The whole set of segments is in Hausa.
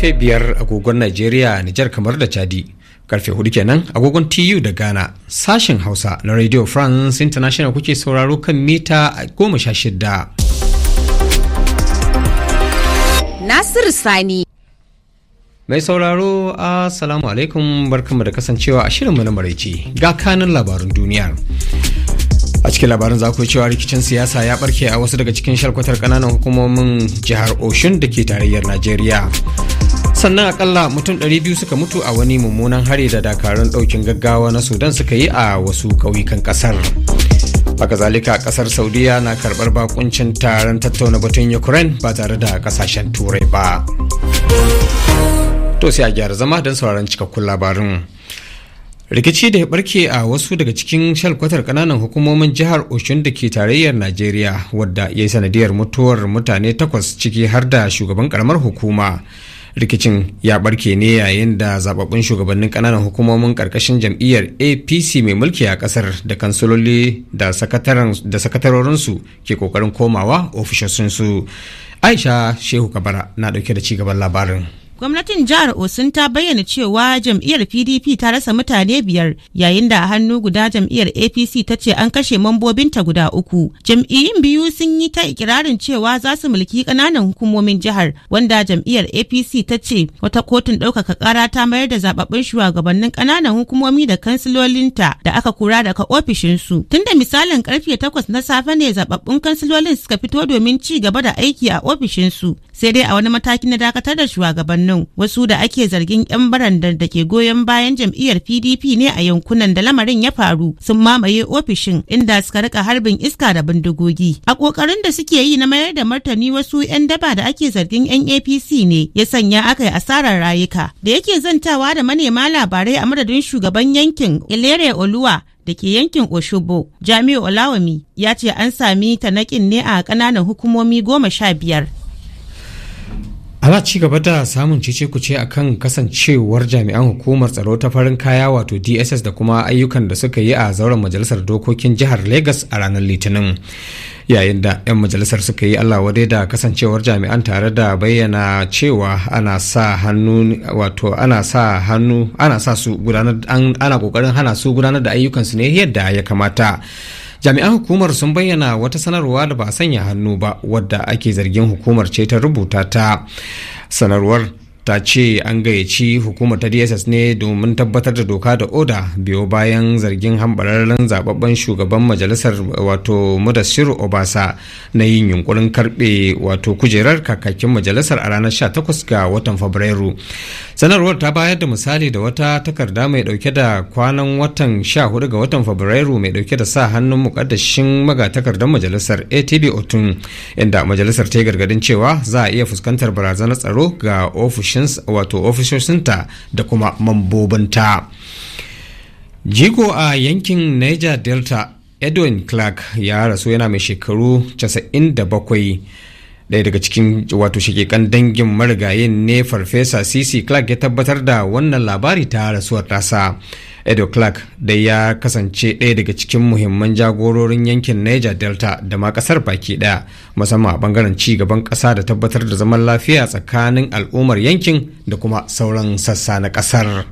karfe biyar agogon Najeriya, Nijar kamar da Chadi. Karfe hudu kenan agogon TU da Ghana. Sashen Hausa na Radio France International kuke sauraro kan mita goma sha shida. Nasiru Sani. Mai sauraro Assalamu alaikum barkanmu da kasancewa a shirinmu na maraice ga kanin labarun duniyar. cikin labarin za ku cewa rikicin siyasa ya barke a wasu daga cikin shalkwatar kananan hukumomin jihar oshun da ke tarayyar najeriya sannan akalla mutum 200 suka mutu a wani mummunan hari da dakarun daukin gaggawa na sudan suka yi a wasu ƙauyukan ƙasar haka zalika ƙasar saudiya na karɓar bakuncin taron tattauna batun ukraine ba tare da kasashen turai ba to sai a gyara zama don sauraron cikakkun labarin rikici da ya barke a wasu daga cikin shalkwatar kananan hukumomin jihar oshun da ke tarayyar najeriya wadda ya yi sanadiyar mutuwar mutane takwas ciki har da shugaban karamar hukuma rikicin ya barke ne yayin da zababbun shugabannin kananan hukumomin karkashin jam'iyyar apc mai mulki a kasar da kansiloli da sakatarorinsu ke kokarin komawa ofishinsu aisha shehu kabara na dauke da cigaban labarin Gwamnatin jihar Osun ta bayyana cewa jam'iyyar PDP ta rasa mutane biyar yayin da a hannu guda jam'iyyar APC ta ce an kashe mambobinta guda uku. Jam'iyyun biyu sun yi ta ikirarin cewa za su mulki ƙananan hukumomin jihar wanda jam'iyyar APC ta ce wata kotun ɗaukaka ƙara ta mayar da zababbin shugabannin ƙananan hukumomi da kansilolinta da aka kura daga ofishinsu. Tun da misalin karfe takwas na safe ne zababbun kansilolin suka fito domin ci gaba da aiki a ofishinsu sai dai a wani mataki na dakatar da shugabannin birnin wasu da ake zargin 'yan barandar da ke goyon bayan jam'iyyar pdp ne a yankunan da lamarin ya faru sun mamaye ofishin inda suka rika harbin iska da bindigogi a kokarin da suke yi na mayar da martani wasu 'yan daba da ake zargin 'yan apc ne ya sanya aka yi asarar rayuka da yake zantawa da manema labarai a madadin shugaban yankin ilere oluwa da ke yankin Oshobo, Jami'u Olawami ya ce an sami tanakin ne a ƙananan hukumomi goma sha biyar ana ci gaba da samun cece kuce a kan kasancewar jami'an hukumar tsaro ta farin kaya wato dss da kuma ayyukan da suka yi a zauren majalisar dokokin jihar lagos a ranar litinin yayin da 'yan majalisar suka yi allah wadai da kasancewar jami'an tare da bayyana cewa ana sa hannu wato ana sa hannu ana sa su gudanar ana kokarin hana su gudanar da ayyukansu ne yadda ya kamata jami'an hukumar sun bayyana wata sanarwa da ba a sanya hannu ba wadda ake zargin hukumar ce ta rubuta ta sanarwar ta ce an gayyaci hukumar ta dss ne domin tabbatar da doka da oda biyo bayan zargin hambararren zababben shugaban majalisar wato mudassir obasa na yin yunkurin karbe wato kujerar kakakin majalisar a ranar 18 ga watan fabrairu sanarwar ta bayar da misali da wata takarda mai dauke da kwanan watan 14 ga watan fabrairu mai dauke da sa hannun mukaddashin magatakardar majalisar atb otun inda majalisar ta yi gargadin cewa za a iya fuskantar barazanar tsaro ga ofishin wato ofishoshinta da kuma mambobinta jigo a yankin niger delta edwin clark ya rasu yana mai shekaru 97 daya daga cikin wato shakikan dangin marigayin ne farfesa cc clark ya tabbatar da wannan labari ta rasuwar tasa edo clark da ya kasance ɗaya daga cikin muhimman jagororin yankin niger delta da ma ƙasar baki ɗaya musamman a ɓangaren ci gaban ƙasa da tabbatar da zaman lafiya tsakanin al'ummar yankin da kuma sauran sassa na ƙasar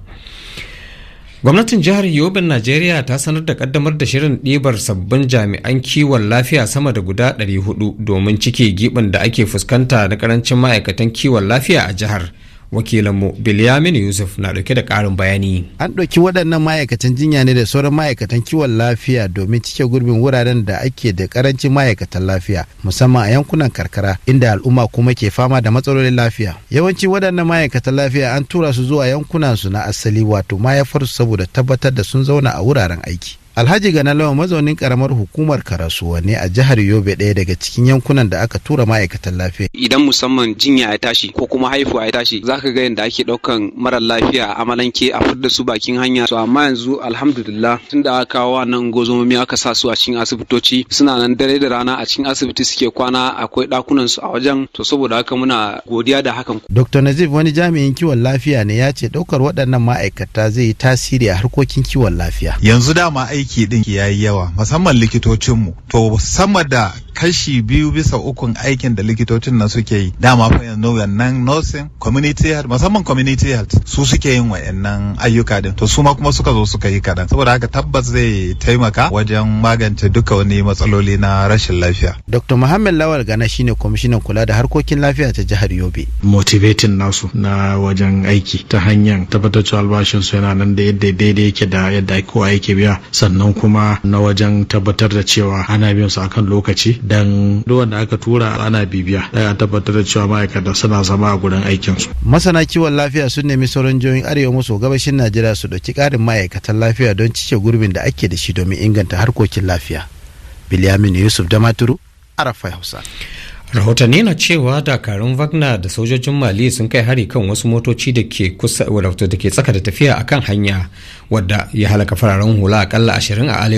gwamnatin jihar yobin najeriya ta sanar da kaddamar da shirin ɗibar sabbin jami'an kiwon lafiya sama da guda 400 domin cike giɓin, da ake fuskanta na ƙarancin ma'aikatan kiwon lafiya a jihar Wakilanmu bilyamin yusuf na ɗauke da karin bayani an ɗauki waɗannan ma'aikatan jinya ne da sauran ma'aikatan kiwon lafiya domin cike gurbin wuraren da ake da karancin ma'aikatan lafiya musamman a yankunan karkara inda al'umma kuma ke fama da matsalolin lafiya yawanci waɗannan ma'aikatan lafiya an tura su zuwa yankunansu na asali wato mayafarsu saboda tabbatar da sun zauna a wuraren aiki alhaji nalawa mazaunin karamar hukumar karasuwa ne a jihar yobe ɗaya daga cikin yankunan da aka tura ma'aikatan lafiya idan musamman jinya ya tashi ko kuma haifuwa ya tashi za ka ga yadda ake ɗaukan marar lafiya a amalanke a fudda su bakin hanya to amma yanzu alhamdulillah tun da aka kawo nan gozomomi aka sa su a cikin asibitoci suna nan dare da rana a cikin asibiti suke kwana akwai ɗakunan su a wajen to saboda haka muna godiya da hakan dr nazif wani jami'in kiwon lafiya ne ya ce ɗaukar waɗannan ma'aikata zai yi tasiri a harkokin kiwon lafiya yanzu dama aiki aiki din ya yi yawa musamman mu to sama da kashi biyu bisa ukun aikin da likitocin na suke yi dama fa yanzu wannan nursing community health musamman community health su suke yin wayannan ayyuka din to su ma kuma suka zo suka yi kadan saboda haka tabbas zai taimaka wajen magance duka wani matsaloli na rashin lafiya dr muhammad lawal gana shine kwamishinan kula da harkokin lafiya ta jihar yobe motivating nasu na wajen aiki ta hanyar tabbatar cewa albashin su yana nan da yadda daidai yake da yadda kowa yake biya sannan kuma na wajen tabbatar da cewa ana bin su akan lokaci dan duk wanda aka tura ana bibiya da a tabbatar da cewa ma'aikata suna zama a gurin aikin su masana kiwon lafiya sun nemi sauran jihohin arewa maso gabashin najeriya su dauki karin ma'aikatan lafiya don cike gurbin da ake da shi domin inganta harkokin lafiya bilyamin yusuf damaturu arafai hausa rahotanni na cewa dakarun wagner da sojojin mali sun kai hari kan wasu motoci da ke kusa da ke tsaka da tafiya a kan hanya wadda ya halaka fararen hula akalla ashirin a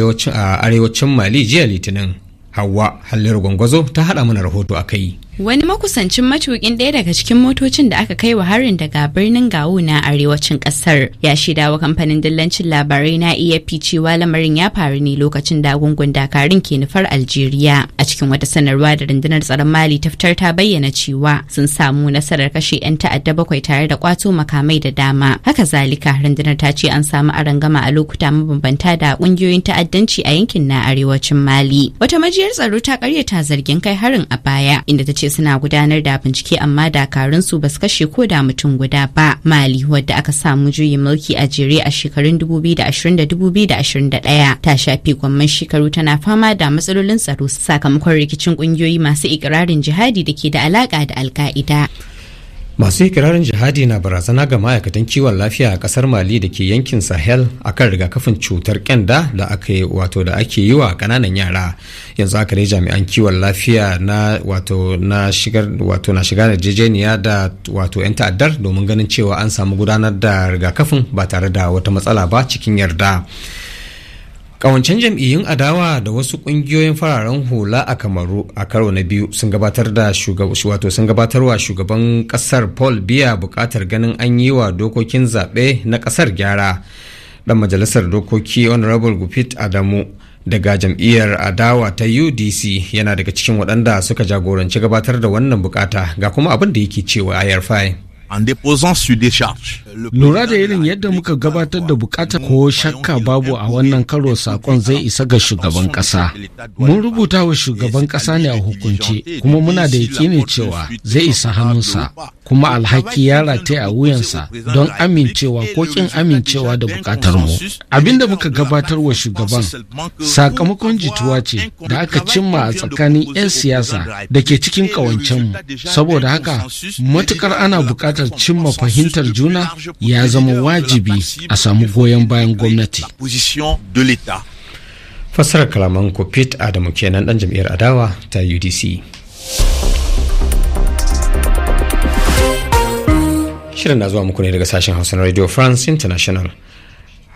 arewacin mali jiya litinin hawa halliyar gwangwazo ta haɗa mana rahoto a kai Wani makusancin matukin ɗaya daga cikin motocin da aka kai wa harin daga birnin Gawo na arewacin ƙasar ya shida wa kamfanin dillancin labarai na EFP cewa lamarin ya faru ne lokacin da gungun dakarun ke nufar Algeria. A cikin wata sanarwa da rundunar tsaron Mali taftar ta bayyana cewa sun samu nasarar kashe 'yan ta'adda bakwai tare da kwato makamai da dama. Haka zalika rundunar ta ce an samu arangama a lokuta mabambanta da ƙungiyoyin ta'addanci a yankin na arewacin Mali. Wata majiyar tsaro ta karyata zargin kai harin a baya inda ta ce suna gudanar da bincike amma dakarun su basu kashe ko da mutum guda ba mali wadda aka samu juyi mulki a jere a shekarun 2020-2021 ta shafi gwamman shekaru tana fama da matsalolin tsaro sakamakon rikicin kungiyoyi masu ikirarin jihadi da ke da alaka da alka'ida masu ikirarin jihadi na barazana ga ma'aikatan kiwon lafiya a kasar mali da ke yankin sahel a kan rigakafin cutar kyanda da aka wato da ake yi wa kananan yara yanzu aka dai jami'an kiwon lafiya na wato na shigar wato na shiga yarjejeniya da wato yan ta'addar domin ganin cewa an samu gudanar da rigakafin ba tare da wata matsala ba cikin yarda Kawancen jam'iyyun adawa da wasu ƙungiyoyin fararen hula a Kamaru a karo na biyu sun gabatar da wato sun gabatarwa shugaban ƙasar Paul Biya bukatar ganin an yi wa dokokin zaɓe na ƙasar gyara. Ɗan majalisar dokoki Honorable Gupit Adamu daga jam'iyyar adawa ta UDC yana daga cikin waɗanda suka jagoranci gabatar da wannan bukata ga kuma abin da yake cewa a en déposant Lura da irin yadda muka gabatar da bukata ko shakka babu a wannan karo sakon zai isa ga shugaban kasa. Mun rubuta wa shugaban kasa ne a hukunci kuma muna da yakini cewa zai isa hannunsa kuma alhaki ya rataye a wuyansa don amincewa ko kin amincewa da bukatar mu. Abin da muka gabatar wa shugaban sakamakon jituwa ce da aka cimma a tsakanin 'yan siyasa da ke cikin mu saboda haka matukar ana bukatar cimma fahimtar juna ya zama wajibi a samu goyon bayan gwamnati fasarar kalaman kofit adamu kenan dan jam'iyyar adawa ta udc shirin na zuwa muku ne daga sashen hausa na radio france international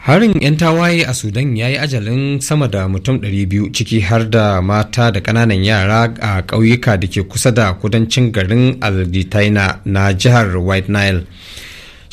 harin 'yan tawaye a sudan ya yi ajalin sama da mutum 200 ciki har da mata da kananan yara a ƙauyuka da ke kusa da kudancin garin alditaina na jihar white nile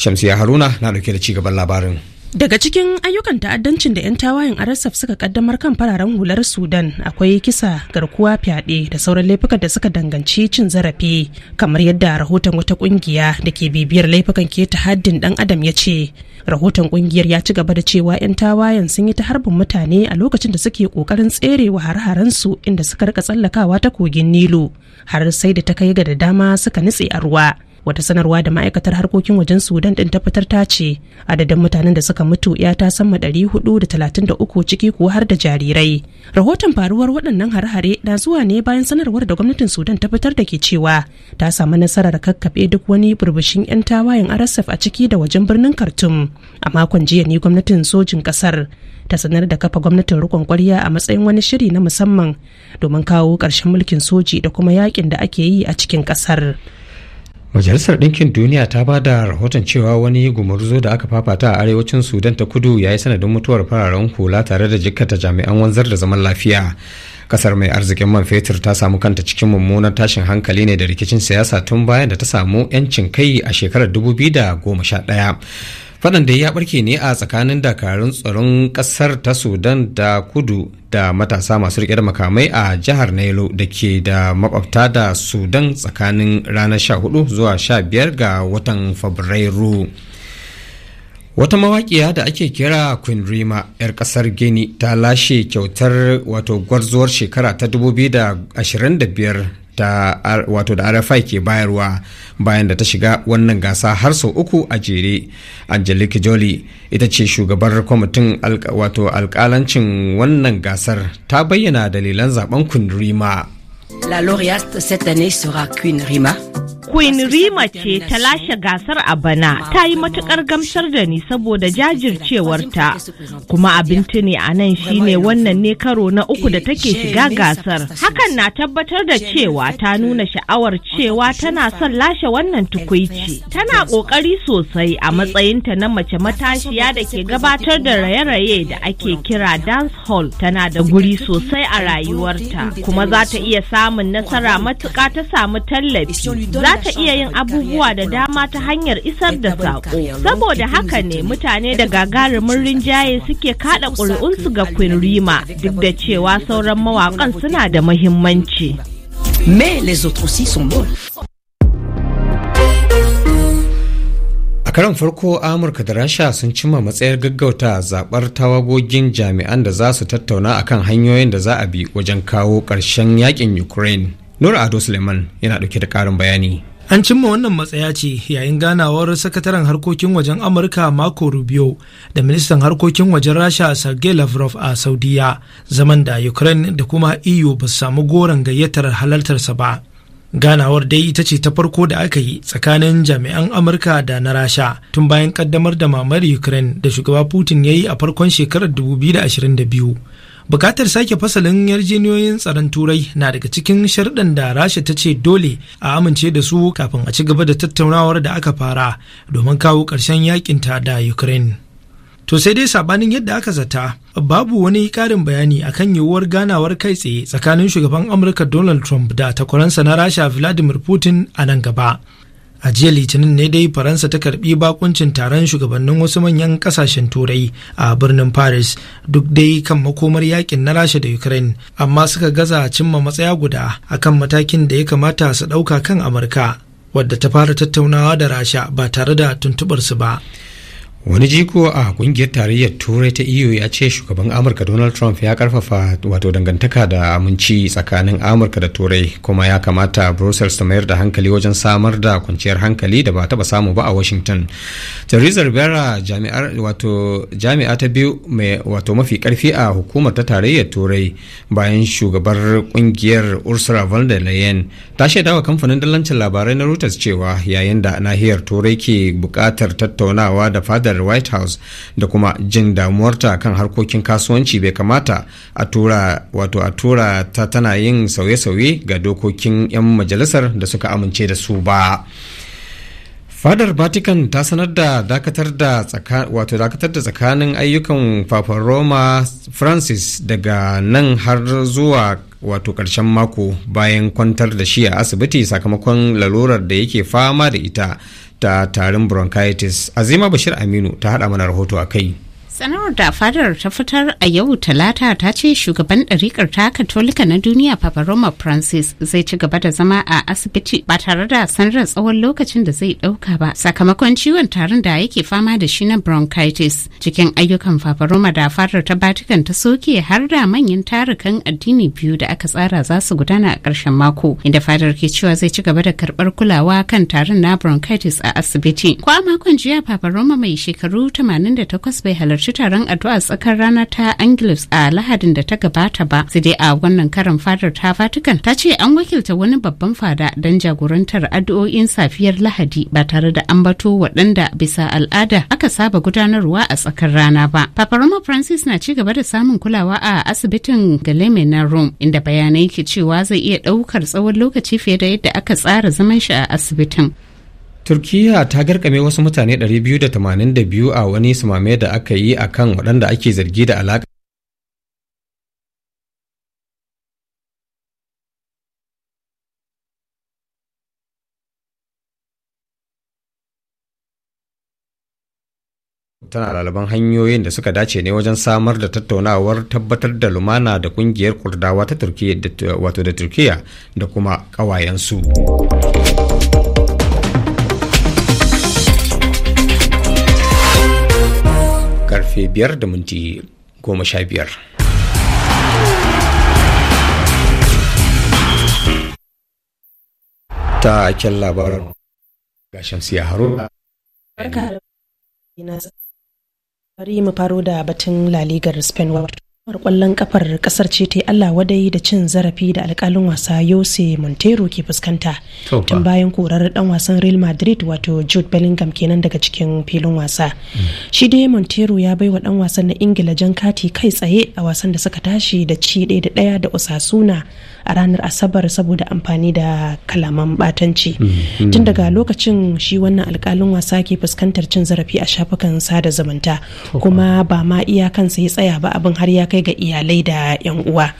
Shamsiya Haruna na dauke da ci labarin. Daga cikin ayyukan ta'addancin da 'yan tawayen RSF suka kaddamar kan fararen hular Sudan akwai kisa garkuwa fyaɗe da sauran laifukan da suka danganci cin zarafi kamar yadda rahoton wata ƙungiya da ke bibiyar laifukan keta haddin dan adam ya ce. Rahoton ƙungiyar ya ci gaba da cewa 'yan tawayen sun yi ta harbin mutane a lokacin da suke ƙoƙarin tserewa har su inda suka rika tsallakawa ta kogin Nilu har sai da ta kai ga da dama suka nutse a ruwa. wata sanarwa da ma'aikatar harkokin wajen sudan din tabbatar ta ce adadin mutanen da suka mutu ya ta sama uku ciki kuwa har da jarirai rahoton faruwar waɗannan hare-hare na zuwa ne bayan sanarwar da gwamnatin sudan ta fitar da ke cewa ta samu nasarar kakkaɓe duk wani burbushin 'yan tawayen rsf a ciki da wajen birnin khartoum a makon jiya ne gwamnatin sojin ƙasar ta sanar da kafa gwamnatin rikon kwarya a matsayin wani shiri na musamman domin kawo ƙarshen mulkin soji da kuma yakin da ake yi a cikin ƙasar. majalisar ɗinkin duniya ta ba da rahoton cewa wani gumurzo da aka fafata a arewacin sudan ta kudu ya yi sanadin mutuwar fararen hula tare da jikkata jami'an wanzar da zaman lafiya kasar mai arzikin man fetur ta samu kanta cikin mummunar tashin hankali ne da rikicin siyasa tun bayan da ta samu 'yancin kai a shekarar 2011 fadan da ya barke ne a tsakanin dakarun tsaron kasar ta sudan da kudu da matasa masu rike da makamai a jihar nailo da ke da makwabta da sudan tsakanin ranar 14 zuwa 15 ga watan fabrairu wata mawaƙiya da ake kira queen rima 'yar ƙasar gini ta lashe kyautar wato gwarzuwar shekara ta 2025 ta wato da rfi ke bayarwa bayan da ta shiga wannan gasa har sau uku a jere angelique jolie ita ce shugabar kwamitin wato alkalancin wannan gasar ta bayyana dalilan zaben kundurima La lauréate cette année sera Queen Rima. Queen Rima ce ta lashe gasar a bana ta yi matukar gamsar da ni saboda jajircewarta kuma abin tuni a nan shine wannan ne karo na uku da take shiga gasar hakan na tabbatar da cewa ta nuna sha'awar cewa tana son lashe wannan tukuici tana kokari sosai a matsayinta na mace matashiya da ke gabatar da raye-raye da ake kira dance hall tana da guri sosai a rayuwarta kuma za ta iya samun samun nasara matuƙa ta samu tallafi za ta iya yin abubuwa da dama ta hanyar isar da saƙo. Saboda haka ne mutane da gagarumin rinjaye suke kaɗa ƙuri'unsu ga Queen duk da cewa sauran mawaƙan suna da mahimmanci. a karon farko amurka da rasha sun cimma matsayar gaggauta zabar tawagogin jami'an da za su tattauna akan hanyoyin da za a bi wajen kawo karshen yakin ukraine nura ado suleiman yana ɗauke da karin bayani An cimma wannan matsaya ce yayin ganawar sakataren harkokin wajen Amurka Marco Rubio da ministan harkokin wajen Rasha Sergei Lavrov a Saudiya, zaman da Ukraine da kuma EU ba su samu goron gayyatar halartarsa ba. ganawar dai ita ce ta farko da aka yi tsakanin jami'an amurka da na rasha tun bayan kaddamar da mamayar ukraine da shugaba putin ya yi a farkon shekarar 2022 bukatar sake fasalin yarjejeniyoyin tsaron turai na daga cikin sharɗan da rasha ta ce dole a amince da su kafin a ci gaba da tattaunawar da aka fara domin kawo ƙarshen yakinta da ukraine To sai dai sabanin yadda aka zata babu wani ƙarin bayani akan yiwuwar ganawar kai tsaye tsakanin shugaban Amurka Donald Trump da takwaransa na Rasha Vladimir Putin a nan gaba. A jiya Litinin ne dai Faransa ta karbi bakuncin taron shugabannin wasu manyan kasashen Turai a birnin Paris duk dai kan makomar yakin na Rasha da Ukraine amma suka gaza cimma matsaya guda akan matakin da ya kamata su ɗauka kan Amurka wadda ta fara tattaunawa da Rasha ba tare da tuntuɓarsu ba. wani jiko a kungiyar tarayyar turai ta eu ya ce shugaban amurka donald trump ya karfafa wato dangantaka da aminci tsakanin amurka da turai kuma ya kamata brussels ta mayar da hankali wajen samar da kwanciyar hankali da ba taba samu ba a washington theresa rivera jami'a ta biyu mai wato mafi karfi a hukumar ta tarayyar turai bayan shugabar kungiyar ursula von der leyen ta shaidawa kamfanin dalancin labarai na reuters cewa yayin da nahiyar turai ke bukatar tattaunawa da fadar fadar white house da kuma jin damuwarta kan harkokin kasuwanci bai kamata a tura wato a tura ta tana yin sauye-sauye ga dokokin 'yan majalisar da suka amince da su ba fadar vatican ta sanar da dakatar da wato dakatar da tsakanin ayyukan papa roma francis daga nan har zuwa wato ƙarshen mako bayan kwantar da shi a asibiti sakamakon lalurar da yake fama da ita ta tarin bronchitis azima bashir aminu ta haɗa mana rahoto a kai sanarwar da fadar ta fitar a yau talata ta ce shugaban ɗarikar ta katolika na duniya papa roma francis zai ci gaba da zama a asibiti ba tare da sanarar tsawon lokacin da zai ɗauka ba sakamakon ciwon tarin da yake fama da shi na bronchitis cikin ayyukan papa roma da fadar ta batikan ta soke har da manyan tarukan addini biyu da aka tsara za su gudana a ƙarshen mako inda fadar ke cewa zai ci gaba da karɓar kulawa kan tarin na bronchitis a asibiti ko a makon jiya papa roma mai shekaru 88 bai halarci halarci taron addu'a tsakar rana ta Angelus a Lahadin da ta gabata ba. Sai dai a wannan karin fadar ta Vatican ta ce an wakilta wani babban fada don jagorantar addu'o'in safiyar Lahadi ba tare da an bato waɗanda bisa al'ada aka saba gudanarwa a tsakar rana ba. Papa Roma Francis na ci gaba da samun kulawa a asibitin Galeme na Rome inda bayanai ke cewa zai iya ɗaukar tsawon lokaci fiye da yadda aka tsara zaman shi a asibitin. turkiya ta garkame wasu mutane 282 a wani sumame da aka yi a kan waɗanda ake zargi da alaƙa tana lalaban hanyoyin da suka dace ne wajen samar da tattaunawar tabbatar da lumana da kungiyar kurdawa ta turkiya da da kuma ƙawayensu. karfe 5 da minti 15 ta kyan labarin ga shamsiya haruna barka da fari mu faro da batun laligar spain wato Hukumar kwallon kafar kasar ce ta yi Allah wadai da cin zarafi da alkalin wasa yose Montero ke fuskanta tun bayan korar dan wasan Real Madrid wato Jude Bellingham kenan daga cikin filin wasa. Mm. Shi dai Montero ya baiwa dan wasan na Ingila jan kati kai tsaye a wasan da suka tashi da ci ɗaya da ɗaya da Osasuna a ranar asabar saboda amfani da kalaman batanci mhm. tun daga lokacin shi wannan alkalin wasa ke fuskantar cin zarafi a shafukan sada zumunta kuma ba ma iya kansa ya tsaya ba abin har ya kai ga iyalai da yan uwa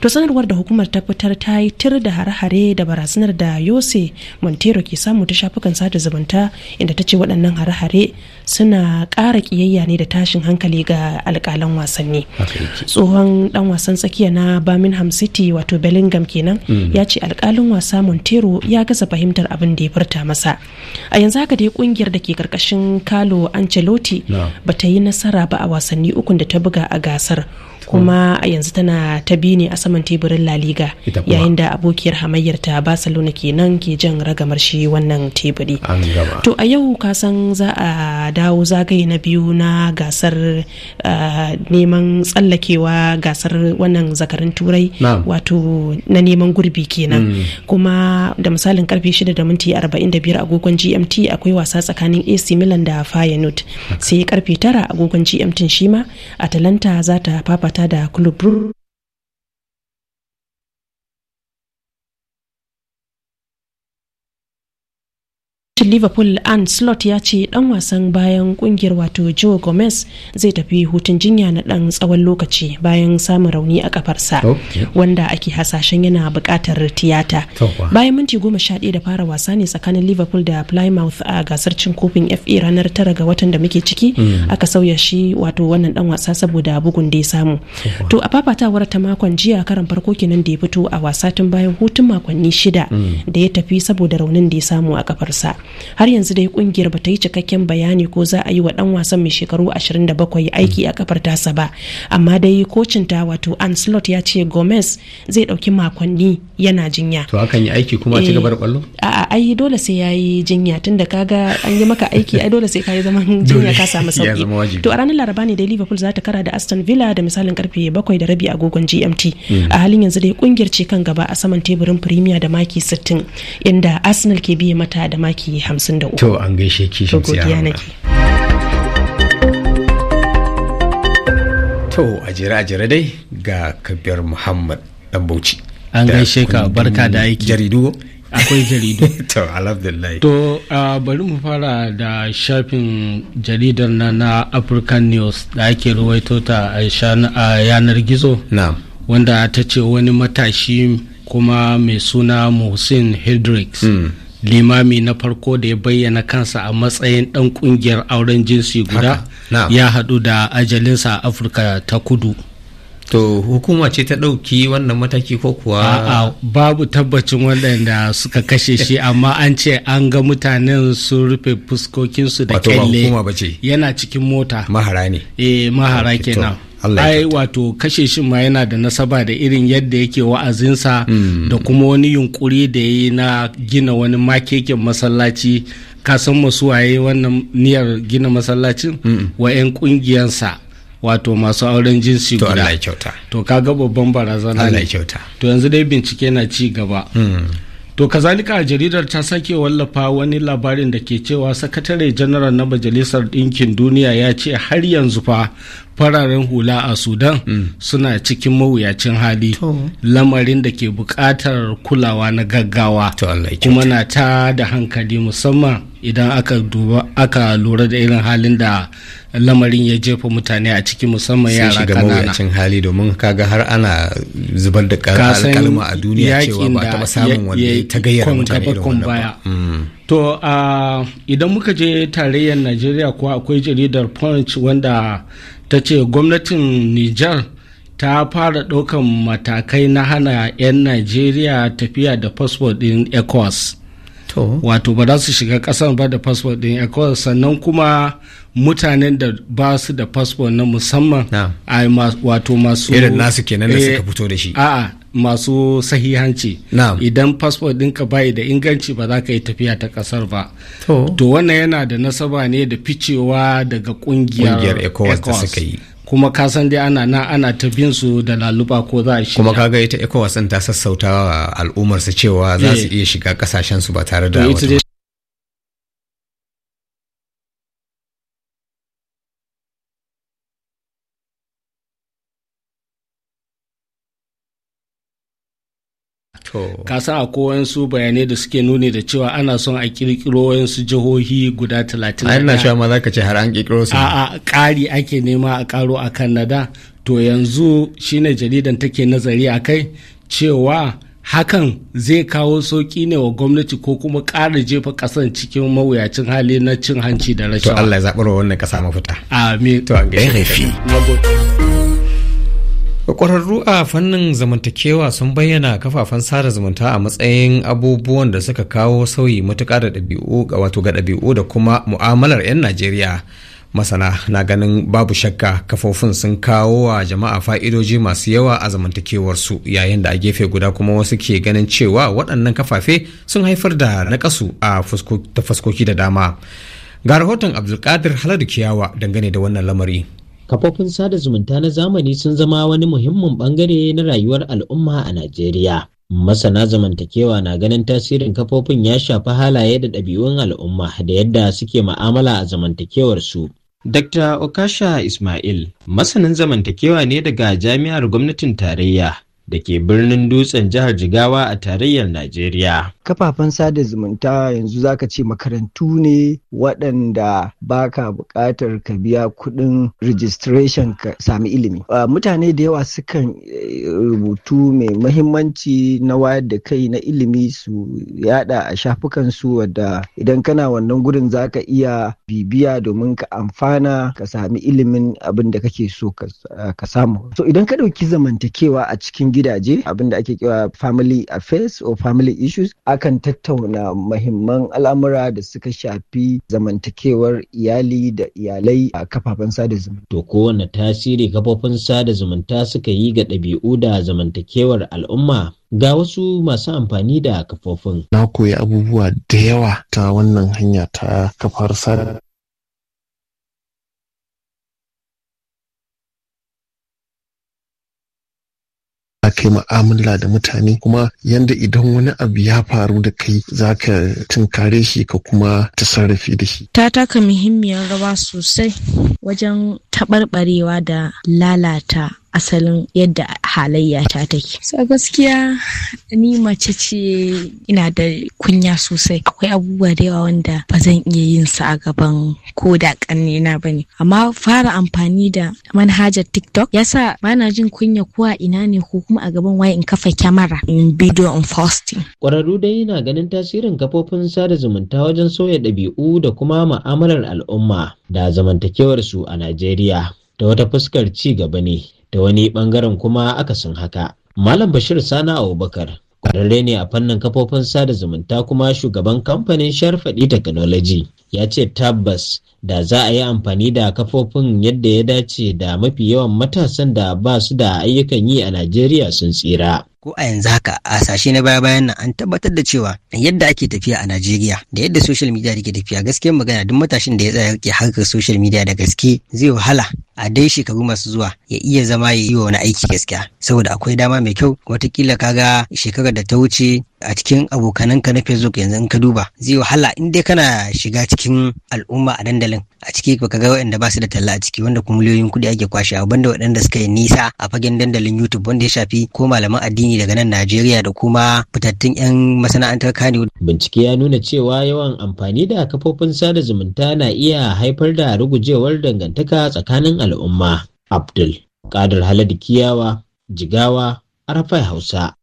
to sanarwar da hukumar ta fitar ta yi tir da hare-hare da barazanar da yose montero ke samu ta shafukan sada zumunta inda ta ce waɗannan hare-hare suna ƙara ƙiyayya ne da tashin hankali ga alƙalan wasanni tsohon dan wasan tsakiya na birmingham city wato bellingham kenan mm. ya ce alƙalin wasa montero ya gaza fahimtar abin da ya furta masa a yanzu haka dai ƙungiyar da ke karkashin kalo ancelotti ba ta yi nasara ba a wasanni ukun da ta buga a gasar kuma hmm. a yanzu tana ta biyu ne a saman teburin laliga yayin da abokiyar hamayyar ta Barcelona kenan ke jan ragamar shi wannan teburi. To a yau ka san za a dawo zagaye na biyu na gasar neman tsallakewa gasar wannan zakarin turai wato na neman gurbi kenan hmm. kuma da misalin karfe 6 da minti 45 agogon GMT akwai wasa tsakanin AC Milan da Feyenoord sai karfe 9 agogon GMT shima Atalanta za ta fafata da kulubru kocin liverpool an slot ya ce dan wasan bayan kungiyar wato joe gomez zai tafi hutun jinya na dan tsawon lokaci bayan samun rauni a kafarsa wanda ake hasashen yana bukatar tiyata bayan minti goma sha ɗaya da fara wasa ne tsakanin liverpool da plymouth a gasar cin kofin fa ranar tara ga watan da muke ciki mm. aka sauya shi wato wannan dan wasa saboda bugun da ya samu to a fafatawar ta makon jiya karan farko kenan da ya fito a wasa tun bayan hutun makonni shida mm. da ya tafi saboda raunin da ya samu a kafarsa har yanzu dai kungiyar bata yi cikakken bayani ko za a yi wa dan wasan mai shekaru 27 aiki a kafar tasa ba amma dai kocin ta wato Anslot ya ce Gomez zai dauki makonni yana jinya to akan yi aiki kuma ci gaba da kwallo eh, a'a ai dole sai yayi jinya tunda kaga an yi maka aiki ai dole sai kayi zaman jinya ka samu sauki to a ranar Laraba ne dai Liverpool za ta kara da Aston Villa da misalin karfe 7 da rabi agogon GMT mm. a halin yanzu dai kungiyar ce kan gaba a saman teburin Premier da maki 60 inda Arsenal ke biye mata da maki hamsin da uku to an gaishe ki shi godiya nake to a jira a jira dai ga kabir muhammad dan bauchi an gaishe ka barka da aiki jaridu akwai jaridu to alhamdulillah to bari mu fara da shafin jaridar na na african news da ake ruwaito ta a yanar gizo wanda ta ce wani matashi kuma mai suna mohsin hendricks mm. limami na farko da ya bayyana kansa a matsayin ɗan ƙungiyar auren jinsi guda ya haɗu da ajalinsa a afirka ta kudu to hukuma ce ta ɗauki wannan mataki ko kuwa babu tabbacin waɗanda suka kashe shi amma an ce an ga mutanen sun rufe fuskokinsu da kyalle yana cikin mota mahara ne eh mahara kenan ai wato kashe shi ma yana da nasaba da irin yadda yake wa'azinsa hmm. da kuma wani yunkuri da ya yi na gina wani makekin masallaci kasan masu waye wannan niyyar gina masallacin hmm. wa 'yan kungiyansa wato masu auren jinsi guda to Allah kyauta babban barazana Allah to yanzu dai bincike na ci gaba hmm. to kazalika a jaridar ta sake wallafa wani labarin da ke cewa sakatare janaral na majalisar ɗinkin duniya ya ce har yanzu fa fararen hula a sudan mm. suna cikin mawuyacin hali lamarin da ke buƙatar kulawa na gaggawa kuma na ta da hankali musamman idan aka duba aka lura da irin halin da lamarin ya jefa mutane a ciki musamman yara kanana mawuyacin hali domin kaga har ana zubar da kalma a duniya cewa ba ta samun wanda ta gayyara mutane irin wanda ba mm. to ah, idan muka je tarayyar Najeriya kuwa akwai jaridar Punch wanda ta ce gwamnatin niger ta fara ɗaukan matakai na hana 'yan nigeria tafiya da fasfo ɗin ecos Wato ba za su shiga ƙasar ba da fasfo ɗin ecos sannan kuma mutanen da ba su da fasfo na musamman a wato masu irin nasu kenan da suka fito da shi. masu sahihanci idan fasfo ɗinka bai da inganci ba za ka yi tafiya ta ƙasar ba to wannan yana da nasaba ne da ficewa daga ƙungiyar ecowas kuma ka san dai ana na ana ta bin su da laluba ko za a shiga kuma kaga ita ECOWAS ta sassauta wa al'ummar su cewa za su eh. iya shiga kasashen su ba tare da wata ka a akwai su bayanai da suke nuni da cewa ana son a kirkiro wayansu jihohi guda talatin a cewa ma za ka ce har an kirkiro su a'a ƙari ake nema a ƙaro a kan nada to yanzu shine jaridan take nazari a kai cewa hakan zai kawo sauki ne wa gwamnati ko kuma ƙara jefa ƙasar cikin mawuyacin hali na cin hanci da rashawa. To Allah ya zaɓar wa wannan ƙasa mafita. Amin. To an gaishe. Kwaƙwararru a fannin zamantakewa sun bayyana kafafen sada zumunta a matsayin abubuwan da suka kawo sauyi matuƙa da ɗabi'u ga wato ga ɗabi'u da kuma mu'amalar 'yan Najeriya. Masana na ganin babu shakka kafofin sun kawo wa jama'a fa'idoji masu yawa a zamantakewarsu yayin da a gefe guda kuma wasu ke ganin cewa waɗannan kafafe sun haifar da nakasu a fuskoki da dama. Ga rahoton Abdulkadir Haladu Kiyawa dangane da wannan lamari. kafofin sada zumunta na zamani sun zama wani muhimmin bangare na rayuwar al'umma a Najeriya. Masana zamantakewa na ganin tasirin kafofin ya shafi halaye da ɗabi'un al'umma da yadda suke ma'amala a zamantakewarsu. Dr. Okasha Ismail, masanin zamantakewa ne daga Jami'ar Gwamnatin Tarayya da ke birnin Dutsen Jihar Jigawa a tarayyar Najeriya. kafafen sada zumunta yanzu zaka ce makarantu ne waɗanda baka buƙatar ka biya kuɗin registration ka sami ilimi ah, mutane da yawa sukan eh, rubutu mai mahimmanci na wayar da kai na ilimi su yada a shafukan su wadda idan kana wannan gurin zaka iya bibiya domin ka amfana ka sami ilimin abin da kake so ka ah, samu so idan ka ɗauki zamantakewa a cikin gidaje abin da ake kewa family affairs or family issues akan tattauna mahimman al'amura da suka shafi zamantakewar iyali da iyalai a kafafen sada zumunta. To kowane tasiri kafofin sada zumunta suka yi ga ɗabi'u da zamantakewar al'umma ga wasu masu amfani da kafofin. Na koyi abubuwa da yawa ta wannan hanya ta kafar sada za ka yi mu'amala da mutane kuma yanda idan wani abu ya faru da kai za ka tunkare shi ka kuma ta sarrafi da shi. Ta taka muhimmiyar rawa sosai wajen taɓarɓarewa da lalata asalin yadda halayya ta take. So gaskiya ni mace ce ina da kunya sosai akwai abubuwa da yawa wanda ba zan iya yin su a gaban ko da kannena ba ne amma fara amfani da manhajar TikTok yasa bana jin kunya ko a ina ne ko kuma a gaban waye in kafa kyamara in bidiyo in fasting. Kwararru dai yana ganin tasirin kafofin sada zumunta wajen soya ɗabi'u da kuma ma'amalar al'umma da zamantakewar su a Najeriya. ta wata fuskar ci gaba ne da wani bangaren kuma akasin haka malam bashir sana abubakar kwararre ne a fannin kafofin sada zumunta kuma shugaban kamfanin sharfaɗi technology ya ce tabbas da za a yi amfani da kafofin yadda ya dace da mafi yawan matasan da ba su da ayyukan yi a Najeriya sun tsira. ko a yanzu haka a sashe na baya bayan nan an tabbatar da cewa yadda ake tafiya a Najeriya da yadda social media ke tafiya gaskiyar magana duk matashin da ya tsaya ke harkar social media da gaske zai wahala a dai shekaru masu zuwa ya iya zama ya yi wa wani aiki gaskiya saboda akwai dama mai kyau watakila kaga shekarar da ta wuce a cikin abokananka na facebook yanzu in ka duba zai wahala in dai kana shiga cikin al'umma a dandalin tallin a ciki baka ga waɗanda ba su da talla a ciki wanda kuma miliyoyin kuɗi ake kwashe a banda waɗanda suka yi nisa a fagen dandalin YouTube wanda ya shafi ko malaman addini daga nan Najeriya da kuma fitattun 'yan masana'antar Kano. Bincike ya nuna cewa yawan amfani da kafofin sada zumunta na iya haifar da rugujewar dangantaka tsakanin al'umma. Abdul Kadir Haladu Kiyawa, Jigawa, Arafai Hausa.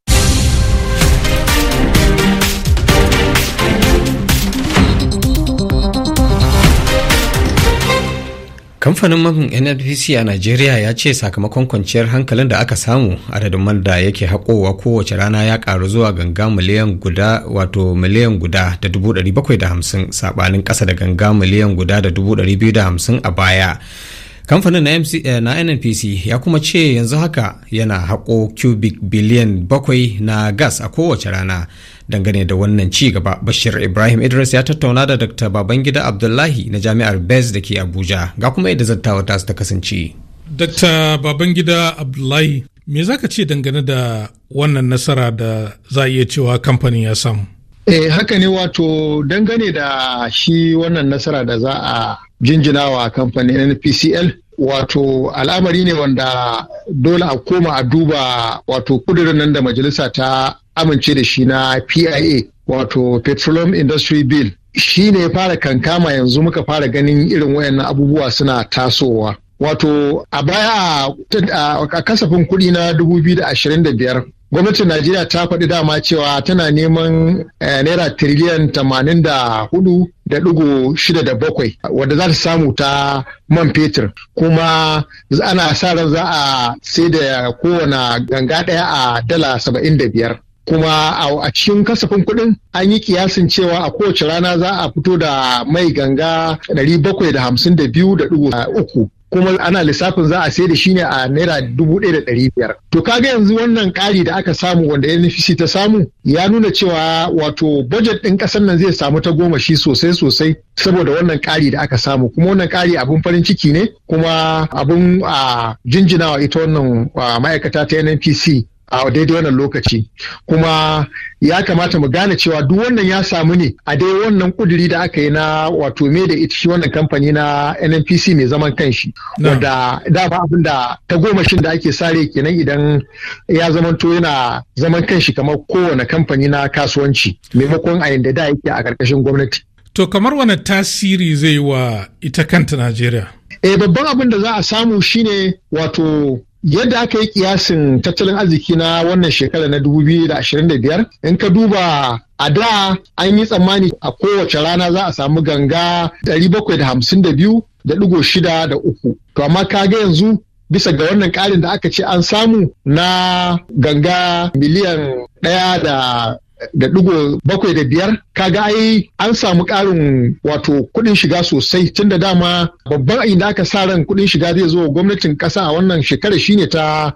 kamfanin man nnpc a najeriya ya ce sakamakon kwanciyar hankalin da aka samu adadin man da yake haƙowa kowace rana ya ƙaru zuwa ganga miliyan guda wato miliyan guda da dubu ɗari bakwai da hamsin saɓanin ƙasa da ganga miliyan guda da dubu ɗari biyu da hamsin a baya kamfanin na, MC, eh, nnpc ya kuma ce yanzu haka yana haƙo cubic biliyan bakwai na gas a kowace rana dangane da wannan ci gaba bashir ibrahim idris ya tattauna da dr babangida abdullahi na jami'ar bez da ke abuja ga kuma yadda zattawa ta ta kasance dr babangida abdullahi me za ka ce dangane da wannan nasara da za a iya cewa kamfanin ya samu eh haka ne wato dangane da shi wannan nasara da za a jinjinawa kamfanin npcl wato al'amari ne wanda dole a koma a duba wato kudirin nan da majalisa ta amince da shi na PIA wato Petroleum Industry Bill shi ne fara kankama yanzu muka fara ganin irin wayannan abubuwa suna tasowa. Wato a baya a kasafin kuɗi na 2025 gwamnatin Najeriya ta faɗi dama cewa tana neman eh, naira tiriliyan 84.67 da wadda za ta samu ta man fetur kuma ana sa ran za a sai da kowane ganga ɗaya a dala saba'in biyar kuma a cikin kasafin kuɗin an yi kiyasin cewa a kowace rana za a fito da mai ganga 752.3 eh, kuma ana lissafin za a sai da shi ne a naira dubu biyar. To kaga yanzu wannan ƙari da aka samu wanda NFC ta samu ya nuna cewa wato budget ɗin ƙasar nan zai samu ta goma shi sosai sosai saboda wannan ƙari da aka samu kuma wannan ƙari abin farin ciki ne kuma abin a ah, jinjinawa ita wannan ah, ma'aikata ta NNPC a daidai wannan lokaci kuma ya kamata mu gane cewa duk wannan ya samu ne a dai wannan kuduri da aka yi na wato me da ita shi wannan kamfani na nnpc mai zaman kanshi wanda da ba abin da ta gomashin da ake sare kenan idan ya zamanto yana zaman kanshi kamar kowane kamfani na kasuwanci maimakon a yanda da yake a ƙarƙashin gwamnati to kamar wani tasiri zai wa ita kanta najeriya E babban abin da za a samu shine wato yadda aka yi kiyasin tattalin arziki na wannan shekara na 2025 in ka duba a da an yi tsammani a kowace rana za a samu ganga 752 da ɗigo shida da uku to amma ka ga yanzu bisa ga wannan ƙarin da aka ce an samu na ganga miliyan ɗaya da da digo bakwai da biyar kaga ai an samu karin wato kuɗin shiga sosai tun da dama babban inda aka sa ran kuɗin shiga zai zo gwamnatin ƙasa a wannan shekarar shine ta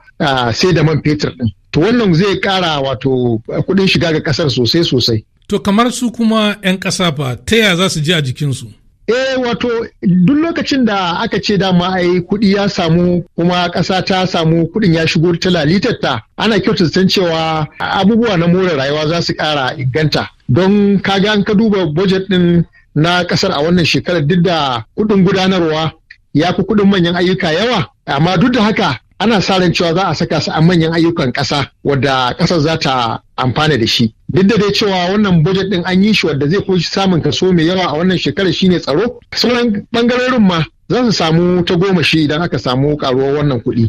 sai da man fetur ɗin. To wannan zai ƙara wato kuɗin shiga ga ƙasar sosai sosai. To kamar su kuma 'yan ƙasa fa ta ya za su ji a jikinsu? Eh wato duk lokacin da aka ce dama ai kuɗi ya samu kuma ƙasa ta samu kuɗin ya shigo ta lalitatta ana kyautata cewa abubuwa na more rayuwa za su ƙara inganta. Don kaga an ka duba budget ɗin na ƙasar a wannan shekarar duk da kuɗin gudanarwa ya fi kuɗin manyan ayyuka yawa. Amma duk da haka ana sa ran cewa za a saka su a manyan ayyukan ƙasa wadda ƙasar za ta amfana da shi. duk da dai cewa wannan budget din an yi shi wadda zai kunshi samun kaso mai yawa a wannan shekarar shine tsaro sauran bangarorin ma za su samu ta goma shi idan aka samu karuwar wannan kuɗi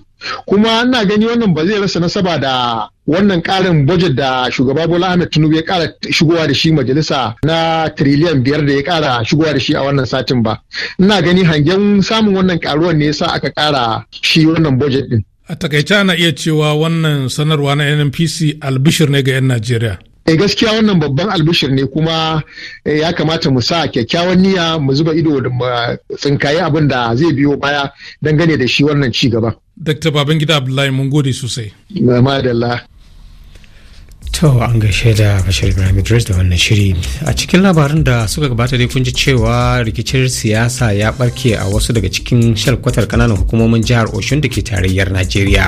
kuma ina gani wannan ba zai rasa nasaba da wannan ƙarin budget da shugaba bola ahmed tinubu ya ƙara shigowa da shi majalisa na tiriliyan biyar da ya ƙara shigowa da shi a wannan satin ba ina gani hangen samun wannan karuwar ne yasa aka ƙara shi wannan budget din a takaice ana iya cewa wannan sanarwa na nnpc albishir ne ga 'yan najeriya E gaskiya wannan babban albishir ne kuma eh, ya kamata mu sa kyakkyawan niyya mu zuba ido da tsinkaye abin da zai biyo baya dangane da shi wannan ci gaba. Dr. Babangida Abdullahi mun gode sosai. Allah. To an gaishe da Bashir Ibrahim Idris da wannan shiri. A cikin labarin da suka gabata dai kun ji cewa rikicin siyasa ya barke a wasu daga cikin shalkwatar kananan hukumomin jihar Oshun da ke tarayyar Najeriya.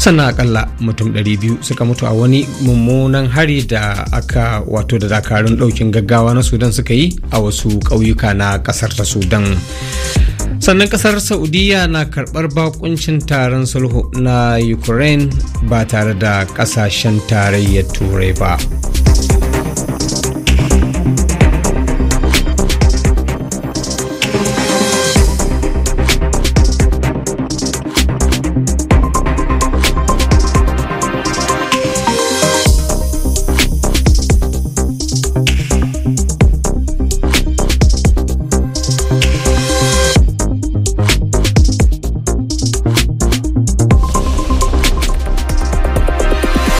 Sannan akalla mutum 200 suka mutu a wani mummunan hari da aka wato da dakarun daukin gaggawa na Sudan suka yi a wasu ƙauyuka na ƙasar ta Sudan. sannan kasar saudiya na karbar bakuncin taron sulhu na ukraine ba tare da kasashen tarayyar turai ba